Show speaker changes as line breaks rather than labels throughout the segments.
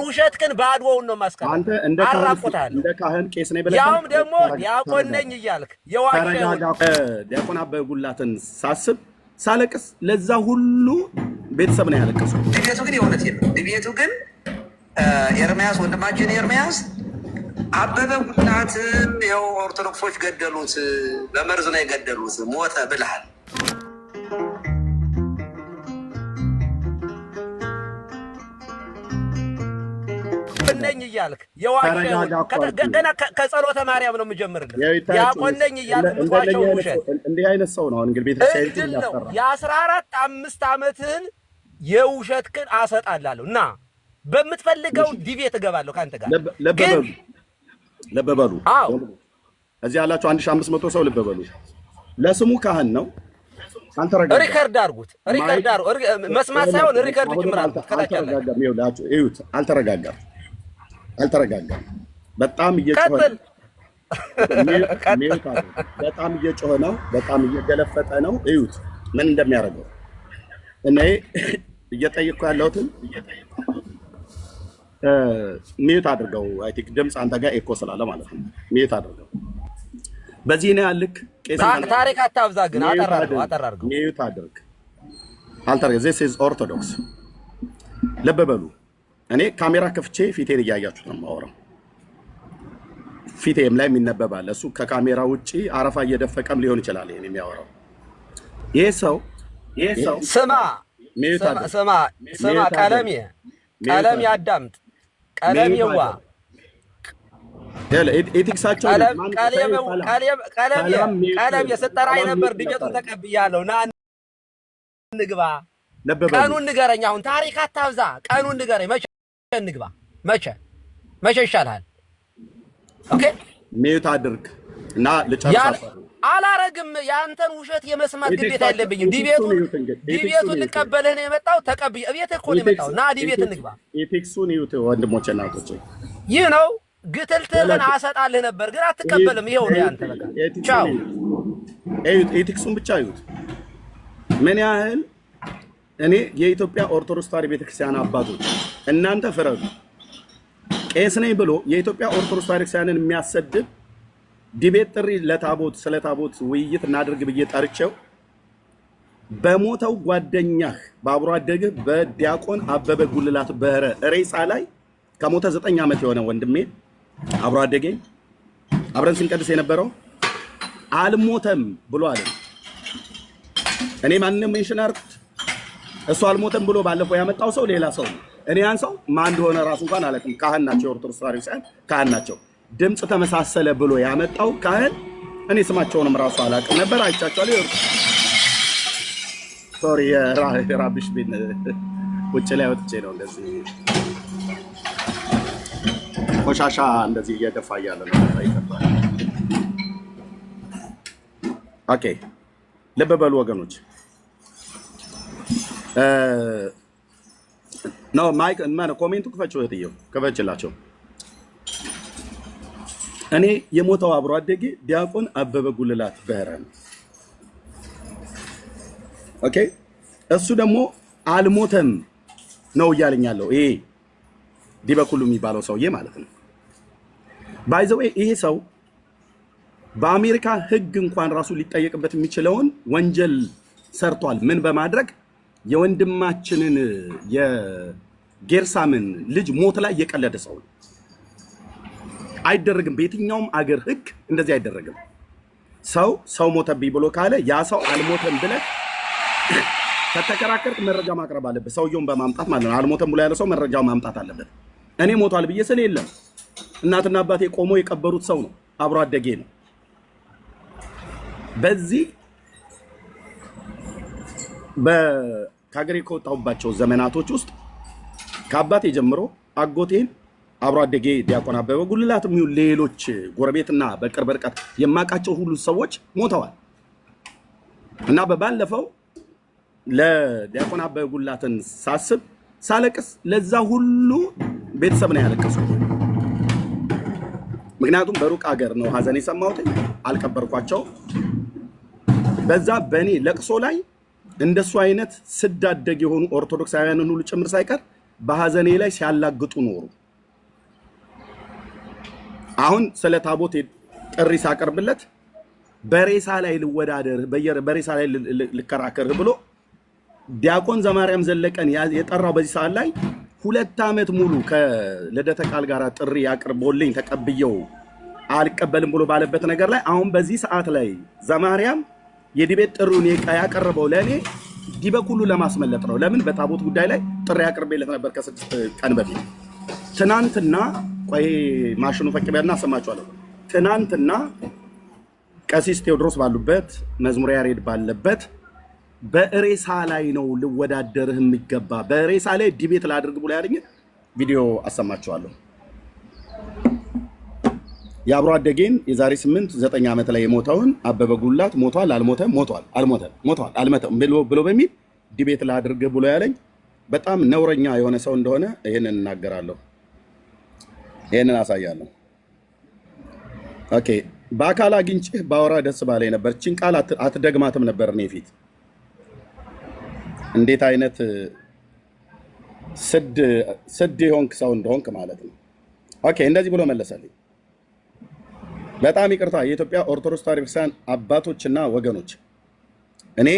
የአንተን ውሸት ግን ባድወውን ነው ማስቀረ
አራቁታል።
ያውም ደግሞ ዲያቆን ነኝ እያልክ የዋሸ
ዲያቆን አበበ ጉላትን ሳስብ ሳለቅስ ለዛ ሁሉ ቤተሰብ ነው ያለቀሱ።
ድቤቱ ግን የእውነት የለም። ድቤቱ ግን ኤርሚያስ ወንድማችን ኤርሚያስ አበበ ጉላትም ያው ኦርቶዶክሶች ገደሉት፣ በመርዝ ነው የገደሉት፣ ሞተ ብልሃል ያቆነኝ እያልክ ገና ከጸሎተ ማርያም ነው የምጀምርልህ። ያቆነኝ እያልክ ምጥዋቸው ውሸት
እንዲህ አይነት ሰው ነው እንግዲህ ቤተክርስቲያን
ነው። የአስራ አራት አምስት ዓመትህን ክን አሰጣላለሁ እና በምትፈልገው ዲቪ ትገባለሁ
ከአንተ ጋር ግን ልበበሉ እዚህ ያላችሁ አንድ ሺህ አምስት መቶ ሰው ልበበሉ ለስሙ ካህን ነው።
ሪከርድ አድርጉት። ሪከርድ መስማት ሳይሆን ሪከርድ ጭምር
አልተረጋጋም። ይኸውላችሁ እዩት፣ አልተረጋጋም አልተረጋጋም። በጣም እየጮኸ በጣም እየጮኸ ነው። በጣም እየገለፈጠ ነው። እዩት ምን እንደሚያደርገው። እኔ እየጠየቅኩ ያለሁትን ሚዩት አድርገው። አይ ቲንክ ድምፅ አንተ ጋር ኤኮ ስላለ ማለት ነው። ሚዩት አድርገው። በዚህ ነው ያልክ።
ታሪክ አታብዛ ግን አጠራርገው።
ሚዩት አድርግ። ዚስ ኢዝ ኦርቶዶክስ ልብ በሉ። እኔ ካሜራ ከፍቼ ፊቴን እያያችሁት ነው የማወራው። ፊቴም ላይ የሚነበባል እሱ ከካሜራ ውጭ አረፋ እየደፈቀም ሊሆን ይችላል። ይሄን የሚያወራው ይህ ሰው
ስማ ስማ ስማ፣ ቀለሜ ቀለሜ አዳምጥ፣ ቀለሜዋ ኤቲክሳቸው ቀለሜ ስጠራኝ ነበር። ድጀቱን ተቀብያለሁ። ና እንግባ። ቀኑን ንገረኝ። አሁን ታሪክ አታብዛ። ቀኑን ንገረኝ እንግባ። መቼ መቼ ይሻልሃል? ኦኬ
ሚዩት አድርግ እና
ልጨርስ። አላረግም። የአንተን ውሸት የመስማት ግዴታ የለብኝም። ዲቤቱን ልቀበልህ ነው የመጣው። እኮ ነው የመጣው። ና ዲቤት እንግባ። ወንድሞቼ ይህ ነው አሰጣልህ ነበር ግን አትቀበልም። ይኸው ነው ያንተ። በቃ ቻው። ብቻ
ምን ያህል እኔ የኢትዮጵያ ኦርቶዶክስ ተዋሕዶ ቤተክርስቲያን አባቶች እናንተ ፍረዱ። ቄስ ነኝ ብሎ የኢትዮጵያ ኦርቶዶክስ ተዋሕዶ ቤተክርስቲያንን የሚያሰድብ ዲቤት ጥሪ ለታቦት ስለ ታቦት ውይይት እናድርግ ብዬ ጠርቼው በሞተው ጓደኛህ በአብሮ አደግህ በዲያቆን አበበ ጉልላት በህረ ሬሳ ላይ ከሞተ ዘጠኝ ዓመት የሆነ ወንድሜ አብሮ አደገኝ አብረን ስንቀድስ የነበረው አልሞተም ብሎ አለ። እኔ ማንንም ሜንሽን እሱ አልሞተም ብሎ ባለፈው ያመጣው ሰው ሌላ ሰው ነው። እኔ ያን ሰው ማን እንደሆነ ራሱ እንኳን አላውቅም። ካህን ናቸው፣ የኦርቶዶክስ ተዋሕዶ ካህን ናቸው። ድምፅ ተመሳሰለ ብሎ ያመጣው ካህን እኔ ስማቸውንም ራሱ አላውቅም ነበር። አይቻቸዋለሁ። ሶሪ የራብሽ ቤት ውጭ ላይ ወጥቼ ነው እንደዚህ ቆሻሻ እንደዚህ እየደፋ እያለ ነው። ኦኬ ልብ በሉ ወገኖች። ነው ማይክ ማነ ኮሜንቱ ክፈችው፣ እህትዬው ክፈችላቸው። እኔ የሞተው አብሮ አደጌ ዲያቆን አበበ ጉልላት በህረ ነው። ኦኬ እሱ ደግሞ አልሞተም ነው እያለኛለሁ። ይሄ ዲበኩሉ የሚባለው ሰውዬ ማለት ነው። ባይዘዌ ይሄ ሰው በአሜሪካ ህግ እንኳን ራሱ ሊጠየቅበት የሚችለውን ወንጀል ሰርቷል። ምን በማድረግ የወንድማችንን የጌርሳምን ልጅ ሞት ላይ የቀለደ ሰው ነው። አይደረግም። በየትኛውም አገር ህግ እንደዚህ አይደረግም። ሰው ሰው ሞተብኝ ብሎ ካለ ያ ሰው አልሞተም ብለህ ከተከራከርክ መረጃ ማቅረብ አለበት። ሰውየውን በማምጣት ማለት ነው። አልሞተም ብሎ ያለ ሰው መረጃው ማምጣት አለበት። እኔ ሞቷል ብዬ ስል የለም። እናትና አባቴ ቆሞ የቀበሩት ሰው ነው። አብሮ አደጌ ነው። በዚህ ከሀገሬ ከወጣሁባቸው ዘመናቶች ውስጥ ከአባቴ ጀምሮ አጎቴን አብሮ አደጌ ዲያቆን አበበ ጉልላት የሚሆን ሌሎች ጎረቤትና በቅርብ ርቀት የማውቃቸው ሁሉ ሰዎች ሞተዋል እና በባለፈው ለዲያቆን አበበ ጉልላትን ሳስብ ሳለቅስ ለዛ ሁሉ ቤተሰብ ነው ያለቀስኩት። ምክንያቱም በሩቅ ሀገር ነው ሀዘን የሰማሁት፣ አልቀበርኳቸው በዛ በእኔ ለቅሶ ላይ እንደሱ አይነት ስዳደግ የሆኑ ኦርቶዶክሳውያንን ሁሉ ጭምር ሳይቀር በሐዘኔ ላይ ሲያላግጡ ኖሩ። አሁን ስለ ታቦት ጥሪ ሳቀርብለት በሬሳ ላይ ልወዳደርህ፣ በሬሳ ላይ ልከራከርህ ብሎ ዲያቆን ዘማርያም ዘለቀን የጠራው በዚህ ሰዓት ላይ ሁለት ዓመት ሙሉ ከልደተ ቃል ጋር ጥሪ አቅርቦልኝ ተቀብየው አልቀበልም ብሎ ባለበት ነገር ላይ አሁን በዚህ ሰዓት ላይ ዘማርያም የዲቤት ጥሪውን ያቀረበው ለእኔ ዲበኩሉ ለማስመለጥ ነው። ለምን በታቦት ጉዳይ ላይ ጥሪ አቅርቤለት ነበር ከስድስት ቀን በፊት። ትናንትና ቆይ ማሽኑ ፈቅቢያና አሰማችኋለሁ። ትናንትና ቀሲስ ቴዎድሮስ ባሉበት መዝሙር ያሬድ ባለበት በእሬሳ ላይ ነው ልወዳደርህ የሚገባ በሬሳ ላይ ዲቤት ላድርግ ብሎ ያለኝ ቪዲዮ አሰማችኋለሁ። የአብሮ አደጌን የዛሬ ስምንት ዘጠኝ ዓመት ላይ የሞተውን አበበ ጉላት ሞቷል፣ አልሞተም፣ ሞቷል፣ አልሞተም፣ ሞቷል፣ አልመተም ብሎ በሚል ዲቤት ላድርግ ብሎ ያለኝ በጣም ነውረኛ የሆነ ሰው እንደሆነ ይህንን እናገራለሁ፣ ይህንን አሳያለሁ። ኦኬ በአካል አግኝቼህ ባወራ ደስ ባለኝ ነበር። ችን ቃል አትደግማትም ነበር እኔ ፊት። እንዴት አይነት ስድ የሆንክ ሰው እንደሆንክ ማለት ነው። ኦኬ እንደዚህ ብሎ መለሰልኝ። በጣም ይቅርታ የኢትዮጵያ ኦርቶዶክስ ተዋሕዶ ቤተክርስቲያን አባቶችና ወገኖች፣ እኔ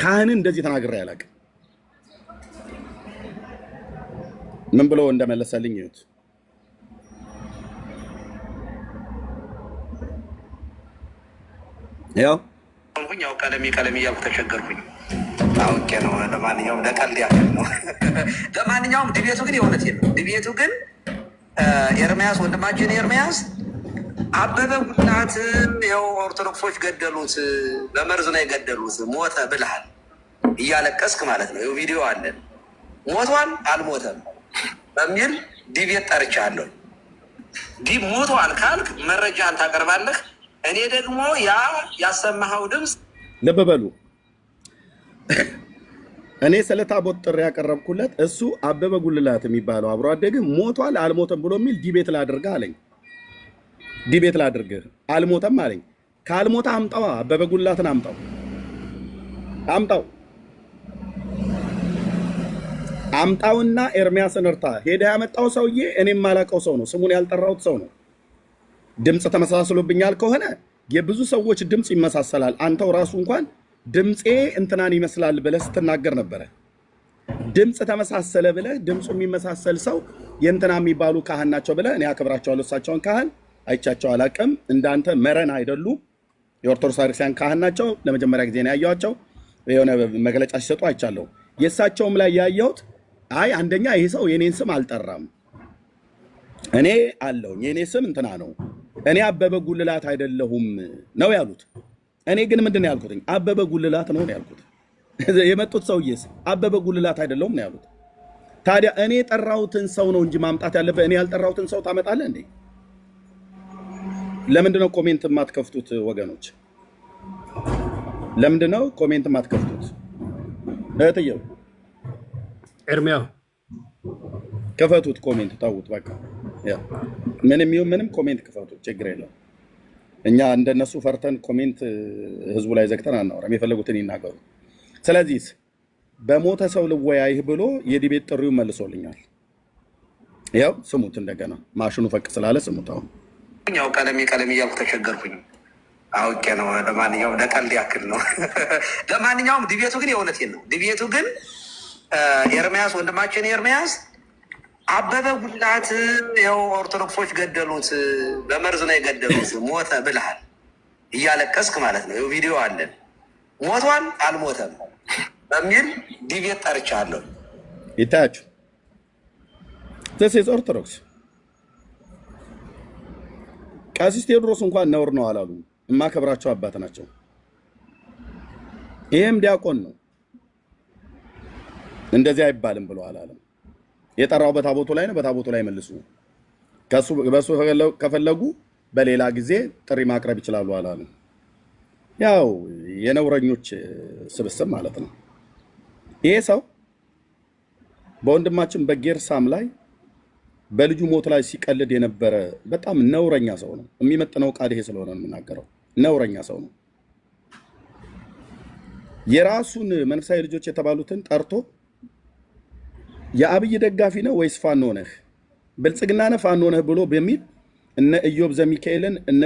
ካህንን እንደዚህ ተናግሬ አላውቅም። ምን ብሎ እንደመለሰልኝ ይሁት ያው
ሁኝ ያው ቀለሜ ቀለሜ እያልኩ ተቸገርኩኝ። አውቄ ነው። ለማንኛውም ለቀልድ ያህል ነው። ለማንኛውም ድቤቱ ግን የእውነት ነው። ድቤቱ ግን ኤርሚያስ ወንድማችን ኤርሚያስ አበበ ጉልላትን ይኸው ኦርቶዶክሶች ገደሉት፣ በመርዝ ነው የገደሉት፣ ሞተ ብልሃል እያለቀስክ ማለት ነው። ይኸው ቪዲዮ አለን። ሞቷል አልሞተም በሚል ዲቤት ጠርቻለሁ። ዲብ ሞቷል ካልክ መረጃን ታቀርባለህ። እኔ ደግሞ ያ ያሰማኸው ድምፅ
ልብ በሉ እኔ ስለ ታቦት ጥሪ ያቀረብኩለት እሱ አበበ ጉልላት የሚባለው አብሮ አደግህ ሞቷል አልሞተም ብሎ የሚል ዲቤት ላድርግህ አለኝ። ዲቤት ላድርግህ አልሞተም አለኝ። ካልሞተ አምጣው፣ አበበ ጉልላትን አምጣው፣ አምጣው፣ አምጣውና ኤርሚያስን እርታ። ሄደ ያመጣው ሰውዬ እኔም የማላውቀው ሰው ነው፣ ስሙን ያልጠራሁት ሰው ነው። ድምፅ ተመሳስሎብኛል ከሆነ የብዙ ሰዎች ድምፅ ይመሳሰላል። አንተው ራሱ እንኳን ድምፄ እንትናን ይመስላል ብለህ ስትናገር ነበረ። ድምፅ ተመሳሰለ ብለህ ድምፁ የሚመሳሰል ሰው የእንትና የሚባሉ ካህን ናቸው ብለህ እኔ አክብራቸዋለሁ። እሳቸውን ካህን አይቻቸው አላውቅም። እንዳንተ መረን አይደሉም። የኦርቶዶክስ ክርስቲያን ካህን ናቸው። ለመጀመሪያ ጊዜ ነው ያየኋቸው። የሆነ መግለጫ ሲሰጡ አይቻለሁ። የእሳቸውም ላይ ያየሁት አይ አንደኛ ይህ ሰው የኔን ስም አልጠራም። እኔ አለሁኝ የኔ ስም እንትና ነው። እኔ አበበ ጉልላት አይደለሁም ነው ያሉት። እኔ ግን ምንድን ነው ያልኩትኝ? አበበ ጉልላት ነው ያልኩት። የመጡት ሰውዬስ አበበ ጉልላት አይደለውም ነው ያሉት። ታዲያ እኔ የጠራሁትን ሰው ነው እንጂ ማምጣት ያለበት፣ እኔ ያልጠራሁትን ሰው ታመጣለህ እንዴ? ለምንድን ነው ኮሜንት የማትከፍቱት ወገኖች? ለምንድን ነው ኮሜንት የማትከፍቱት? እህትየው ኤርሚያው ክፈቱት፣ ኮሜንት ታውት። በቃ ምንም ይሁን ምንም ኮሜንት ክፈቱት፣ ችግር የለውም። እኛ እንደነሱ ፈርተን ኮሜንት ህዝቡ ላይ ዘግተን አናወራም። የፈለጉትን ይናገሩ። ስለዚህ በሞተ ሰው ልወያይህ ብሎ የዲቤት ጥሪውን መልሶልኛል። ያው ስሙት፣ እንደገና ማሽኑ ፈቅ ስላለ ስሙት። አሁን
ያው ቀለሜ ቀለሜ እያልኩ ተቸገርኩኝ። አውቄ ነው። ለማንኛውም ለቀልድ ያክል ነው። ለማንኛውም ዲቤቱ ግን የእውነት ነው። ዲቤቱ ግን ኤርሚያስ ወንድማችን ኤርሚያስ አበበ ጉላት ይኸው ኦርቶዶክሶች ገደሉት፣ በመርዝ ነው የገደሉት፣ ሞተ ብልሃል እያለቀስክ ማለት ነው። ቪዲዮ አለን። ሞቷል አልሞተም በሚል ዲቤት ጠርቻለሁ።
ይታያችሁ ተሴስ ኦርቶዶክስ ቀሲስ ቴዎድሮስ እንኳን ነውር ነው አላሉ። የማከብራቸው አባት ናቸው። ይህም ዲያቆን ነው። እንደዚህ አይባልም ብሎ አላለም። የጠራው በታቦቱ ላይ ነው። በታቦቱ ላይ መልሱ። በሱ ከፈለጉ በሌላ ጊዜ ጥሪ ማቅረብ ይችላሉ አላሉ። ያው የነውረኞች ስብስብ ማለት ነው። ይሄ ሰው በወንድማችን በጌርሳም ላይ በልጁ ሞት ላይ ሲቀልድ የነበረ በጣም ነውረኛ ሰው ነው። የሚመጥነው ቃል ይሄ ስለሆነ ነው የምናገረው። ነውረኛ ሰው ነው። የራሱን መንፈሳዊ ልጆች የተባሉትን ጠርቶ የአብይ ደጋፊ ነህ ወይስ ፋኖ ነህ? ብልጽግና ነህ ፋኖ ነህ ብሎ በሚል እነ ኢዮብ ዘሚካኤልን እነ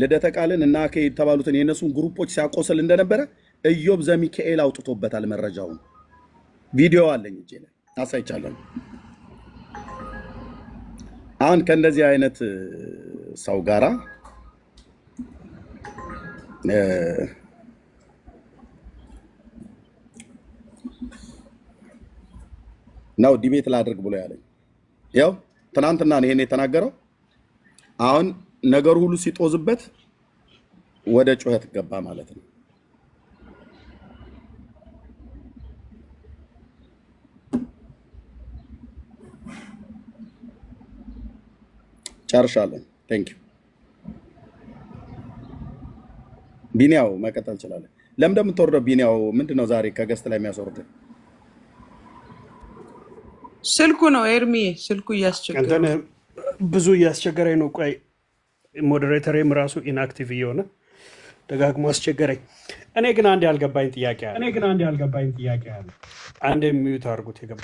ልደተ ቃልን እና አኬ የተባሉትን የእነሱን ግሩፖች ሲያቆስል እንደነበረ ኢዮብ ዘሚካኤል አውጥቶበታል። መረጃውን ቪዲዮ አለኝ እ አሳይቻለሁ። አሁን ከእንደዚህ አይነት ሰው ጋራ ነው ዲቤት ላድርግ ብሎ ያለኝ። ያው ትናንትና ነው ይሄን የተናገረው። አሁን ነገሩ ሁሉ ሲጦዝበት ወደ ጩኸት ገባ ማለት ነው። ጨርሻለን። ቴንኪው ቢኒያው መቀጠል እንችላለን። ለምን እንደምትወርደው ቢኒያው ምንድን ነው ዛሬ ከገስት ላይ የሚያስወርድ
ስልኩ ነው ኤርሚ፣ ስልኩ እያስቸገረ
ብዙ እያስቸገረኝ ነው። ቆይ ሞዴሬተሬም ራሱ ኢንአክቲቭ እየሆነ ደጋግሞ አስቸገረኝ። እኔ ግን አንድ ያልገባኝ ጥያቄ አለ። እኔ ግን አንድ ያልገባኝ ጥያቄ አለ። አንድ የሚዩት አድርጉት የገባ